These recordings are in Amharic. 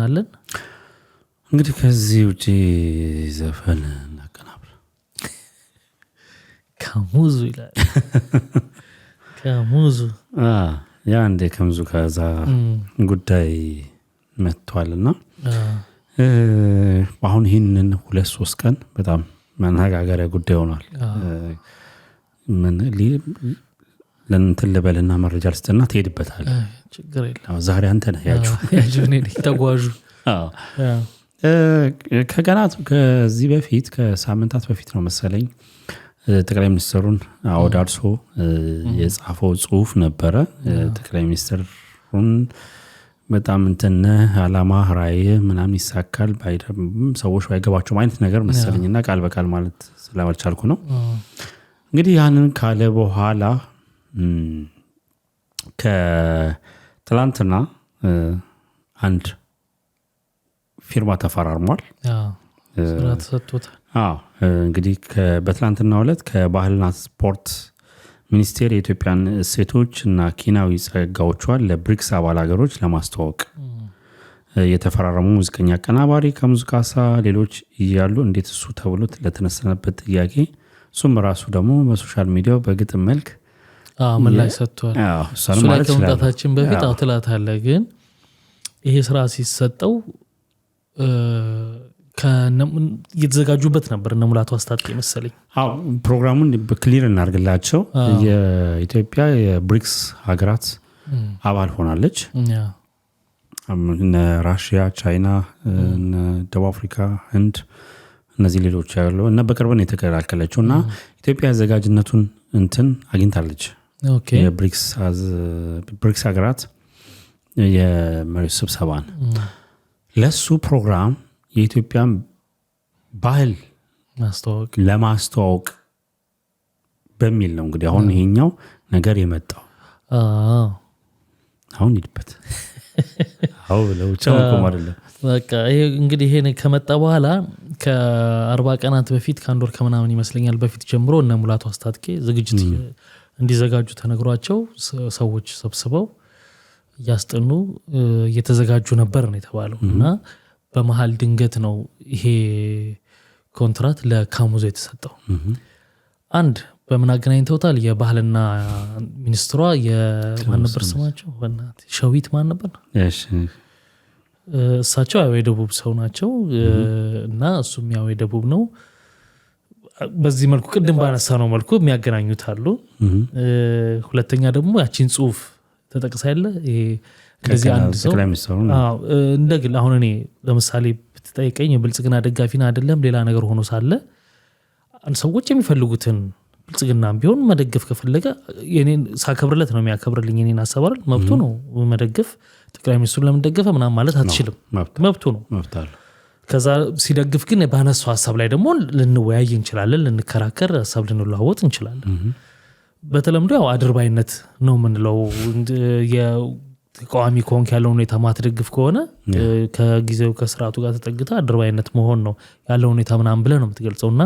እንዘፍናለን። እንግዲህ ከዚህ ውጭ ዘፈን እናቀናብር። ከሙዙ ይላል ከሙዙ ያ እንደ ከምዙ ከዛ ጉዳይ መጥቷል እና አሁን ይህንን ሁለት ሶስት ቀን በጣም መነጋገሪያ ጉዳይ ሆኗል። እንትን ልበልና መረጃ ልስጥና ትሄድበታል። ችግር የለም ዛሬ አንተ ነህ ያጁ ተጓዡ። ከቀናት ከዚህ በፊት ከሳምንታት በፊት ነው መሰለኝ ጠቅላይ ሚኒስትሩን አወዳርሶ የጻፈው ጽሁፍ ነበረ። ጠቅላይ ሚኒስትሩን በጣም እንትነ አላማ ራይ ምናምን ይሳካል ሰዎች ባይገባቸው አይነት ነገር መሰለኝና ቃል በቃል ማለት ስለመቻልኩ ነው እንግዲህ ያንን ካለ በኋላ ከትላንትና አንድ ፊርማ ተፈራርሟል። ስራ ተሰጥቶታል። እንግዲህ በትላንትና ሁለት ከባህልና ስፖርት ሚኒስቴር የኢትዮጵያን እሴቶች እና ኪናዊ ጸጋዎቿን ለብሪክስ አባል ሀገሮች ለማስተዋወቅ የተፈራረሙ ሙዚቀኛ አቀናባሪ ከሙዚቃ ሳ ሌሎች እያሉ እንዴት እሱ ተብሎት ለተነሰነበት ጥያቄ እሱም ራሱ ደግሞ በሶሻል ሚዲያው በግጥም መልክ ምን ላይ ሰጥቷል እሱ ላይ ከመምጣታችን በፊት አውትላት አለ ግን ይሄ ስራ ሲሰጠው እየተዘጋጁበት ነበር እነ ሙላቱ አስታጥቄ መሰለኝ ፕሮግራሙን ክሊር እናርግላቸው የኢትዮጵያ የብሪክስ ሀገራት አባል ሆናለች ራሽያ ቻይና ደቡብ አፍሪካ ህንድ እነዚህ ሌሎች ያለው እና በቅርብን የተከላከለችው እና ኢትዮጵያ አዘጋጅነቱን እንትን አግኝታለች የብሪክስ ሀገራት የመሪዎች ስብሰባን ለሱ ፕሮግራም የኢትዮጵያን ባህል ለማስተዋወቅ በሚል ነው። እንግዲህ አሁን ይሄኛው ነገር የመጣው አሁን ሂድበት አው እንግዲህ ይሄ ከመጣ በኋላ ከአርባ ቀናት በፊት ከአንድ ወር ከምናምን ይመስለኛል በፊት ጀምሮ እነ ሙላቱ አስታጥቄ ዝግጅት እንዲዘጋጁ ተነግሯቸው ሰዎች ሰብስበው እያስጠኑ እየተዘጋጁ ነበር ነው የተባለው እና በመሀል ድንገት ነው ይሄ ኮንትራት ለካሙዞ የተሰጠው። አንድ በምን አገናኝተውታል? የባህልና ሚኒስትሯ የማን ስማቸው? ሸዊት ማን ነበር? እሳቸው ያው የደቡብ ሰው ናቸው እና እሱም ያው የደቡብ ነው። በዚህ መልኩ ቅድም ባነሳ ነው መልኩ የሚያገናኙት አሉ። ሁለተኛ ደግሞ ያቺን ጽሁፍ ተጠቅሳ ያለ እንደዚህ አንድ ሰው እንደ ግል አሁን እኔ ለምሳሌ ብትጠይቀኝ የብልጽግና ደጋፊን አይደለም ሌላ ነገር ሆኖ ሳለ ሰዎች የሚፈልጉትን ብልጽግና ቢሆን መደገፍ ከፈለገ የኔን ሳከብርለት ነው የሚያከብርልኝ። የኔን አሰባል መብቱ ነው መደገፍ። ጠቅላይ ሚኒስትሩን ለምንደገፈ ምናም ማለት አትችልም፣ መብቱ ነው። ከዛ ሲደግፍ ግን ባነሱ ሀሳብ ላይ ደግሞ ልንወያይ እንችላለን፣ ልንከራከር፣ ሀሳብ ልንለዋወጥ እንችላለን። በተለምዶ ያው አድርባይነት ነው የምንለው። ተቃዋሚ ከሆንክ ያለው ሁኔታ ማትደግፍ ከሆነ ከጊዜው ከስርዓቱ ጋር ተጠግተ አድርባይነት መሆን ነው ያለው ሁኔታ ምናምን ብለ ነው የምትገልጸው። እና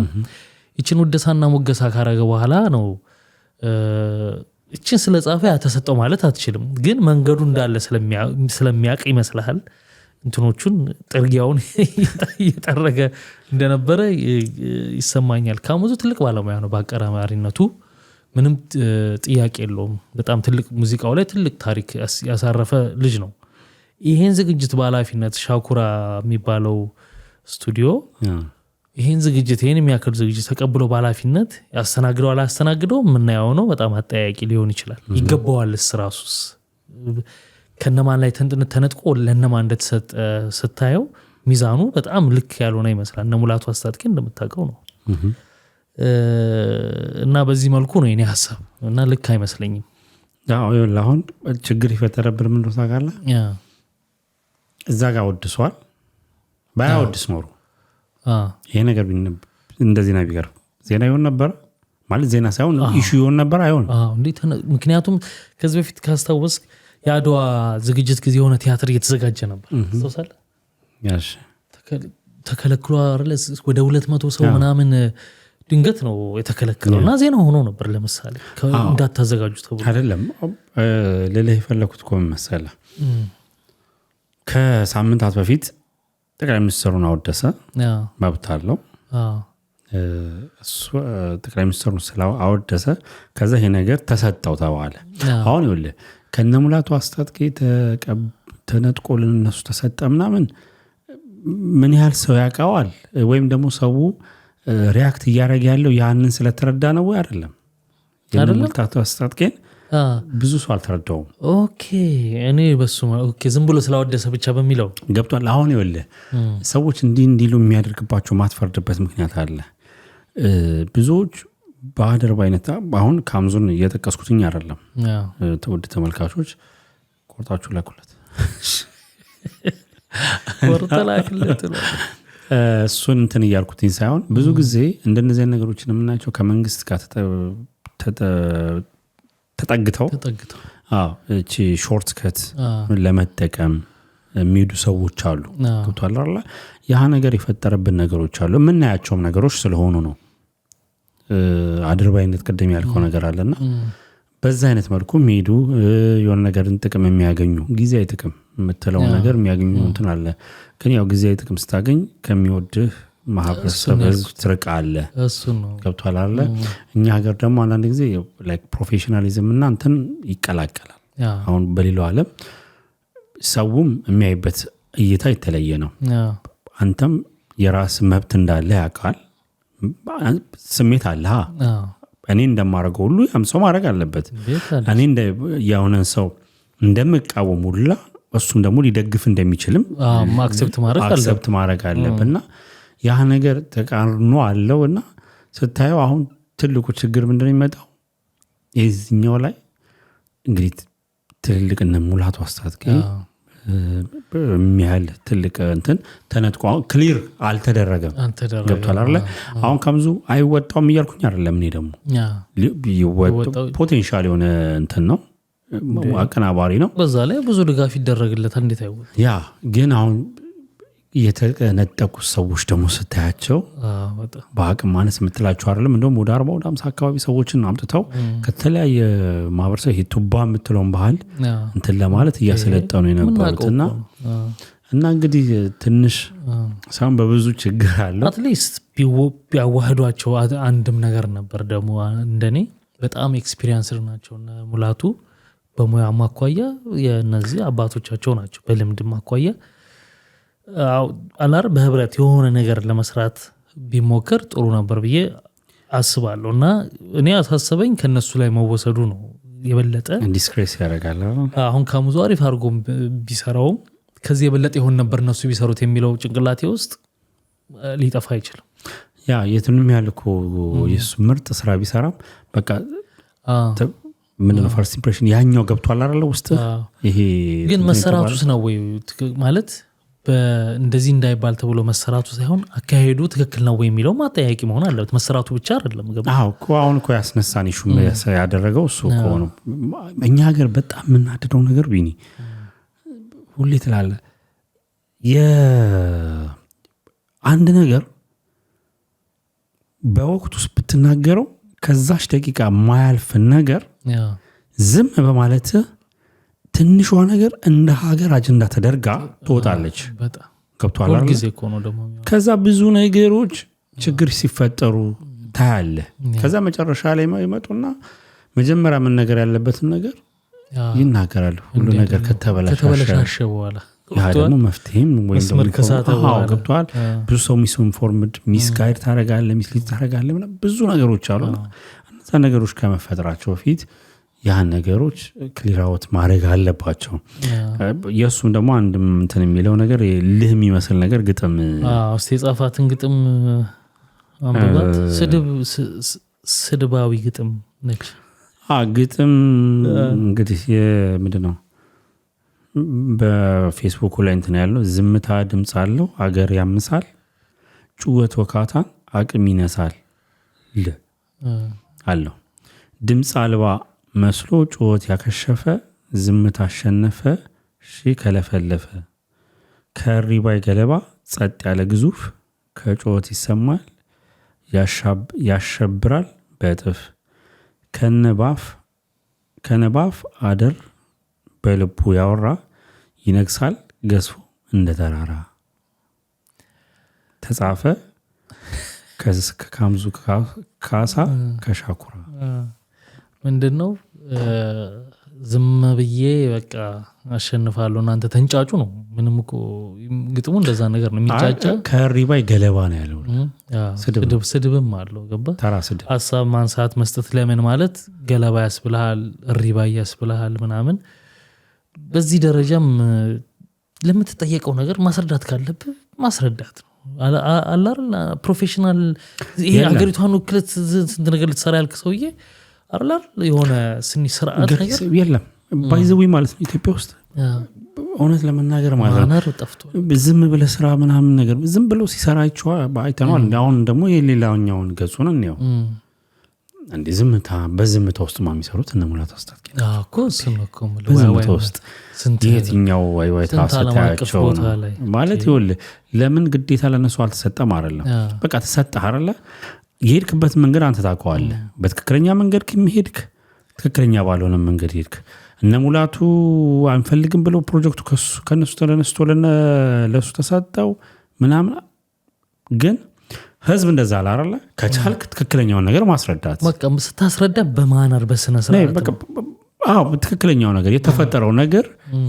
ይችን ውደሳና ሞገሳ ካረገ በኋላ ነው ይችን ስለጻፈ ያተሰጠው ማለት አትችልም። ግን መንገዱ እንዳለ ስለሚያውቅ ይመስልሃል እንትኖቹን ጥርጊያውን እየጠረገ እንደነበረ ይሰማኛል። ካሙዙ ትልቅ ባለሙያ ነው። በአቀራማሪነቱ ምንም ጥያቄ የለውም። በጣም ትልቅ ሙዚቃው ላይ ትልቅ ታሪክ ያሳረፈ ልጅ ነው። ይሄን ዝግጅት በኃላፊነት ሻኩራ የሚባለው ስቱዲዮ ይህን ዝግጅት ይሄን የሚያክል ዝግጅት ተቀብሎ በኃላፊነት ያስተናግደው አላስተናግደው የምናየው ነው። በጣም አጠያያቂ ሊሆን ይችላል። ይገባዋልስ ራሱስ ከነማን ላይ ተነጥቆ ለነማን እንደተሰጠ ስታየው ሚዛኑ በጣም ልክ ያልሆነ ይመስላል። እነ ሙላቱ አስታጥቄ እንደምታውቀው ነው እና በዚህ መልኩ ነው ኔ ሀሳብ እና ልክ አይመስለኝም። አሁን ችግር ይፈጠረብን ምን ታቃለ እዛ ጋር ወድሷል። ባያወድስ ኖሩ ይሄ ነገር እንደ ዜና ቢቀርብ ዜና ይሆን ነበረ ማለት ዜና ሳይሆን ኢሹ ይሆን ነበር። አይሆን ምክንያቱም ከዚህ በፊት ካስታወስክ የአድዋ ዝግጅት ጊዜ የሆነ ቲያትር እየተዘጋጀ ነበር ታስታውሳለህ? ተከለክሎ ወደ ሁለት መቶ ሰው ምናምን ድንገት ነው የተከለከለው እና ዜና ሆኖ ነበር። ለምሳሌ እንዳታዘጋጁ ተብሎ አይደለም ሌላ የፈለኩት ኮ መሰለ ከሳምንታት በፊት ጠቅላይ ሚኒስትሩን አወደሰ መብት አለው ጠቅላይ ሚኒስትሩ አወደሰ። ከዛ ይሄ ነገር ተሰጠው ተባለ። አሁን ከነ ከነሙላቱ አስታጥቄ ተነጥቆ ለነሱ ተሰጠ ምናምን ምን ያህል ሰው ያውቀዋል? ወይም ደግሞ ሰው ሪያክት እያደረገ ያለው ያንን ስለተረዳ ነው ወይ አይደለም? የነሙላቱ አስታጥቄን ብዙ ሰው አልተረዳውም። ኦኬ እኔ በሱ ዝም ብሎ ስላወደሰ ብቻ በሚለው ገብቷል። አሁን ይኸውልህ ሰዎች እንዲህ እንዲሉ የሚያደርግባቸው ማትፈርድበት ምክንያት አለ። ብዙዎች በአደርብ አይነት አሁን ካምዙን እየጠቀስኩትኝ አይደለም። ተወድ ተመልካቾች ቆርጣችሁ ላኩለት፣ እሱን እንትን እያልኩትኝ ሳይሆን ብዙ ጊዜ እንደነዚያን ነገሮችን የምናያቸው ከመንግስት ጋር ተጠግተው እቺ ሾርት ከት ለመጠቀም የሚሄዱ ሰዎች አሉ። ገብቷል። ያ ነገር የፈጠረብን ነገሮች አሉ። የምናያቸውም ነገሮች ስለሆኑ ነው አድርባይነት ቅድም ያልከው ነገር አለና በዛ አይነት መልኩ የሚሄዱ የሆነ ነገርን ጥቅም የሚያገኙ ጊዜያዊ ጥቅም የምትለው ነገር የሚያገኙ እንትን አለ። ግን ያው ጊዜያዊ ጥቅም ስታገኝ ከሚወድህ ማህበረሰብ ህዝብ ትርቅ አለ ገብቷል አለ። እኛ ሀገር ደግሞ አንዳንድ ጊዜ ፕሮፌሽናሊዝም እና እንትን ይቀላቀላል። አሁን በሌላው ዓለም ሰውም የሚያይበት እይታ የተለየ ነው። አንተም የራስ መብት እንዳለ ያውቃል ስሜት አለ እኔ እንደማደርገው ሁሉ ያም ሰው ማድረግ አለበት። እኔ የሆነን ሰው እንደምቃወም ሁላ እሱም ደግሞ ሊደግፍ እንደሚችልም አክሰብት ማድረግ አለብ እና ያ ነገር ተቃርኖ አለው እና ስታየው አሁን ትልቁ ችግር ምንድን የሚመጣው የዚኛው ላይ እንግዲህ ትልልቅ እነ ሙላቱ አስታት የሚያህል ትልቅ እንትን ተነጥቆ ክሊር አልተደረገም። ገብቷል አለ አሁን ከምዙ አይወጣውም እያልኩኝ አይደለም። እኔ ደግሞ ፖቴንሻል የሆነ እንትን ነው አቀናባሪ ነው። በዛ ላይ ብዙ ድጋፍ ይደረግለታል። እንዴት አይወ ያ ግን አሁን የተነጠቁት ሰዎች ደግሞ ስታያቸው በአቅም ማነስ የምትላቸው አይደለም። እንደም ወደ አርባ ወደ አምሳ አካባቢ ሰዎችን አምጥተው ከተለያየ ማህበረሰብ ይሄ ቱባ የምትለውን ባህል እንትን ለማለት እያሰለጠኑ የነበሩት እና እና እንግዲህ ትንሽ ሳይሆን በብዙ ችግር አለው። አትሊስት ቢያዋህዷቸው አንድም ነገር ነበር። ደግሞ እንደኔ በጣም ኤክስፒሪንስድ ናቸው ሙላቱ በሙያ ማኳያ የነዚህ አባቶቻቸው ናቸው በልምድ ማኳያ አላር በህብረት የሆነ ነገር ለመስራት ቢሞከር ጥሩ ነበር ብዬ አስባለሁ። እና እኔ አሳሰበኝ ከነሱ ላይ መወሰዱ ነው የበለጠ ዲስክሬስ ያደርጋል። አሁን ካሙዙ አሪፍ አድርጎ ቢሰራውም ከዚህ የበለጠ የሆን ነበር እነሱ ቢሰሩት የሚለው ጭንቅላቴ ውስጥ ሊጠፋ አይችልም። ያ የትንም ያልኩ የሱ ምርጥ ስራ ቢሰራም በቃ ምንድነው ፈርስት ኢምፕሬሽን ያኛው ገብቷል አለ ውስጥ ይሄ ግን መሰራቱስ ነው ወይ ማለት እንደዚህ እንዳይባል ተብሎ መሰራቱ ሳይሆን አካሄዱ ትክክል ነው የሚለው ማጠያቂ መሆን አለበት። መሰራቱ ብቻ አይደለም። አሁን እኮ ያስነሳን ሹ ያደረገው እሱ ከሆኑ እኛ ሀገር በጣም የምናደደው ነገር ቢኒ ሁሌ ትላለ አንድ ነገር በወቅቱ ውስጥ ብትናገረው ከዛች ደቂቃ ማያልፍን ነገር ዝም በማለትህ ትንሿ ነገር እንደ ሀገር አጀንዳ ተደርጋ ትወጣለች። ገብቷል። ከዛ ብዙ ነገሮች ችግር ሲፈጠሩ ታያለ። ከዛ መጨረሻ ላይ ይመጡና መጀመሪያ ምን ነገር ያለበትን ነገር ይናገራሉ። ሁሉ ነገር ከተበላሸ በኋላ ደግሞ መፍትሄም ወይም ብዙ ሰው ሚስ ኢንፎርምድ ሚስ ጋይድ ታደረጋለ፣ ሚስ ሊድ ታደረጋለ፣ ብዙ ነገሮች አሉ። እነዛ ነገሮች ከመፈጠራቸው በፊት ያን ነገሮች ክሊራውት ማድረግ አለባቸው። የእሱም ደግሞ አንድ ምትን የሚለው ነገር ልህ የሚመስል ነገር ግጥም ስ የጻፋትን ግጥም ስድባዊ ግጥም ነች። ግጥም እንግዲህ ምንድ ነው በፌስቡኩ ላይ እንትን ያለው ዝምታ ድምፅ አለው አገር ያምሳል፣ ጩወት ወካታን አቅም ይነሳል አለው ድምፅ አልባ መስሎ ጩኸት ያከሸፈ ዝምት አሸነፈ ሺ ከለፈለፈ ከሪባይ ገለባ ጸጥ ያለ ግዙፍ ከጩኸት ይሰማል ያሸብራል በእጥፍ ከነባፍ አደር በልቡ ያወራ ይነግሳል ገዝፎ እንደ ተራራ። ተጻፈ ከካምዙ ካሳ ከሻኩራ ምንድነው? ዝም ብዬ በቃ አሸንፋለሁ እናንተ ተንጫጩ ነው። ምንም እኮ ግጥሙ እንደዛ ነገር ነው የሚጫጫ ከሪባይ ገለባ ነው ያለው። ስድብ ስድብም አለው ገባ ተራ ስድብ ሀሳብ ማንሳት መስጠት ለምን ማለት ገለባ ያስብልሃል ሪባይ ያስብልሃል ምናምን። በዚህ ደረጃም ለምትጠየቀው ነገር ማስረዳት ካለብ ማስረዳት ነው። አላር ፕሮፌሽናል ይሄ ሀገሪቷን ውክለት ስንት ነገር ልትሰራ ያልክ ሰውዬ አርላር የሆነ ስኒ ስርአት የለም ባይዘዊ ማለት ነው ኢትዮጵያ ውስጥ እውነት ለመናገር ማለት ዝም ብለ ስራ ምናምን ነገር ዝም ብለው ሲሰራ አይተነዋል። አሁን ደግሞ የሌላኛውን ገጹን እንየው። እንዲ ዝምታ በዝምታ ውስጥ ማ የሚሰሩት እነ ሙላት አስታጥቄ በዝምታ ውስጥ የትኛው ዋይዋይታ ስታያቸው ማለት ይኸውልህ፣ ለምን ግዴታ ለነሱ አልተሰጠም? አለም በቃ ተሰጠህ አለ የሄድክበትን መንገድ አንተ ታውቀዋለህ። በትክክለኛ መንገድ ሄድክ፣ ትክክለኛ ባልሆነ መንገድ ሄድክ። እነ ሙላቱ አንፈልግም ብለው ፕሮጀክቱ ከነሱ ተነስቶ ለሱ ተሰጠው ምናምን። ግን ህዝብ እንደዛ አላረለ። ከቻልክ ትክክለኛውን ነገር ማስረዳት ስታስረዳ በማናር በስነ ትክክለኛው ነገር የተፈጠረው ነገር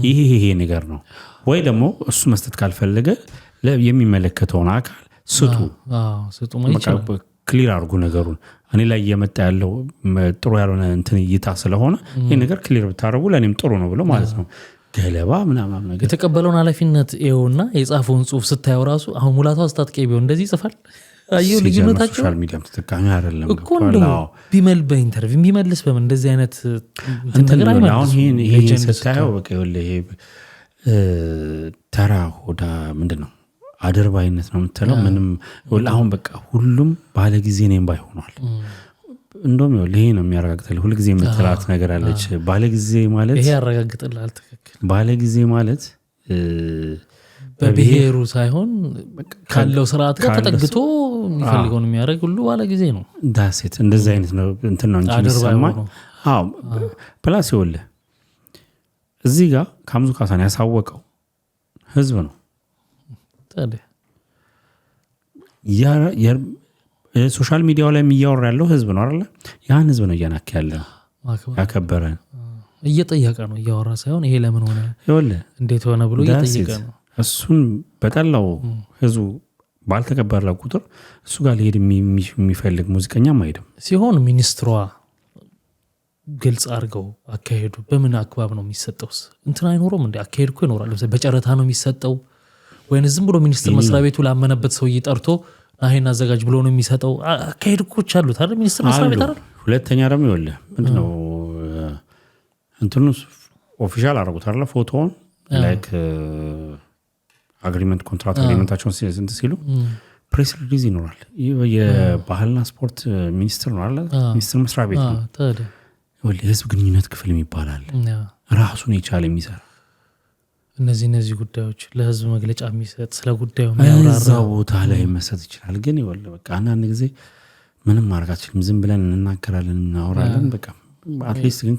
ይሄ ይሄ ነገር ነው ወይ ደግሞ እሱ መስጠት ካልፈለገ የሚመለከተውን አካል ስጡ ክሊር አድርጉ ነገሩን። እኔ ላይ እየመጣ ያለው ጥሩ ያልሆነ እንትን እይታ ስለሆነ ይህ ነገር ክሊር ብታደረጉ ለእኔም ጥሩ ነው ብሎ ማለት ነው። ገለባ ምናምን ነገር የተቀበለውን ኃላፊነት ይኸውና፣ የጻፈውን ጽሁፍ ስታየው ራሱ አሁን ሙላቷ ስታጥቄ ቢሆን እንደዚህ ይጽፋል። አየሁ ልዩነታቸው። ሶሻል ሚዲያም ተጠቃሚ አይደለም እኮ ቢመል በኢንተርቪው ቢመልስ በምን እንደዚህ አይነት ስታየው ተራ ሆዳ ምንድን ነው አደርባይነት ነው የምትለው። ምንም አሁን በቃ ሁሉም ባለ ጊዜ እኔም ባይ ሆኗል። እንደም ይኸውልህ ይሄ ነው የሚያረጋግጠል ሁልጊዜ የምትላት ነገር አለች። ባለ ጊዜ ማለት ይሄ ያረጋግጥልሃል። ትክክል። ባለ ጊዜ ማለት በብሔሩ ሳይሆን ካለው ስርዓት ጋር ተጠግቶ የሚፈልገውን የሚያደረግ ሁሉ ባለ ጊዜ ነው። ዳሴት እንደዚህ አይነት ነው እንትን ነው እንጂ የሚሰማኝ። አዎ ፕላስ ይኸውልህ እዚህ ጋር ካምዙ ካሳን ያሳወቀው ህዝብ ነው ታዲያ ሶሻል ሚዲያው ላይ የሚያወራ ያለው ህዝብ ነው አለ። ያን ህዝብ ነው እያናክ ያለ ያከበረ እየጠየቀ ነው። እያወራ ሳይሆን ይሄ ለምን ሆነ እንዴት ሆነ ብሎ እየጠየቀ ነው። እሱን በጠላው ህዝቡ ባልተከበረ ቁጥር እሱ ጋር ሊሄድ የሚፈልግ ሙዚቀኛም አይሄድም። ሲሆን ሚኒስትሯ ግልጽ አድርገው አካሄዱ በምን አግባብ ነው የሚሰጠውስ? እንትን አይኖረም እንደ አካሄድ እኮ ይኖራል። በጨረታ ነው የሚሰጠው ወይም ዝም ብሎ ሚኒስትር መስሪያ ቤቱ ላመነበት ሰውዬ ጠርቶ ናሄን አዘጋጅ ብሎ ነው የሚሰጠው። አካሄድ እኮች አሉት አይደል? ሚኒስትር መስሪያ ቤት አይደል? ሁለተኛ ደግሞ ይወለ ምንድነው እንትኑ ኦፊሻል አደረጉት አለ ፎቶውን ላይክ አግሪመንት ኮንትራት አግሪመንታቸውን ስንት ሲሉ ፕሬስ ሪሊዝ ይኖራል። የባህልና ስፖርት ሚኒስትር ነው አለ ሚኒስትር መስሪያ ቤት ነው የህዝብ ግንኙነት ክፍል የሚባል ራሱን የቻለ የሚሰራ እነዚህ እነዚህ ጉዳዮች ለህዝብ መግለጫ የሚሰጥ ስለ ጉዳዩ እዛ ቦታ ላይ መሰጥ ይችላል። ግን ይወል በቃ አንዳንድ ጊዜ ምንም ማድረግ አትችልም። ዝም ብለን እንናገራለን፣ እናወራለን። በቃ አትሊስት ግን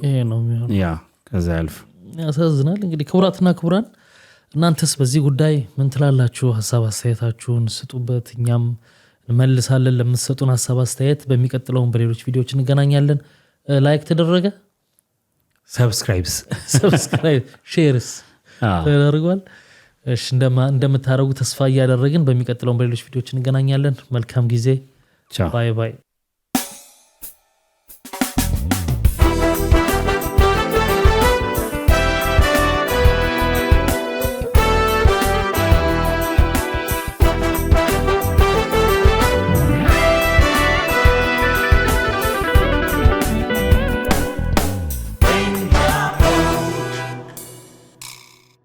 ያ ከዛ ያልፍ ያሳዝናል። እንግዲህ ክቡራትና ክቡራን እናንተስ በዚህ ጉዳይ ምን ትላላችሁ? ሀሳብ አስተያየታችሁን ስጡበት። እኛም እንመልሳለን ለምትሰጡን ሀሳብ አስተያየት። በሚቀጥለውን በሌሎች ቪዲዮዎች እንገናኛለን። ላይክ ተደረገ፣ ሰብስክራይብስ፣ ሼርስ ተደርጓል። እሺ እንደምታደርጉ ተስፋ እያደረግን በሚቀጥለውን በሌሎች ቪዲዮዎች እንገናኛለን። መልካም ጊዜ። ባይ ባይ።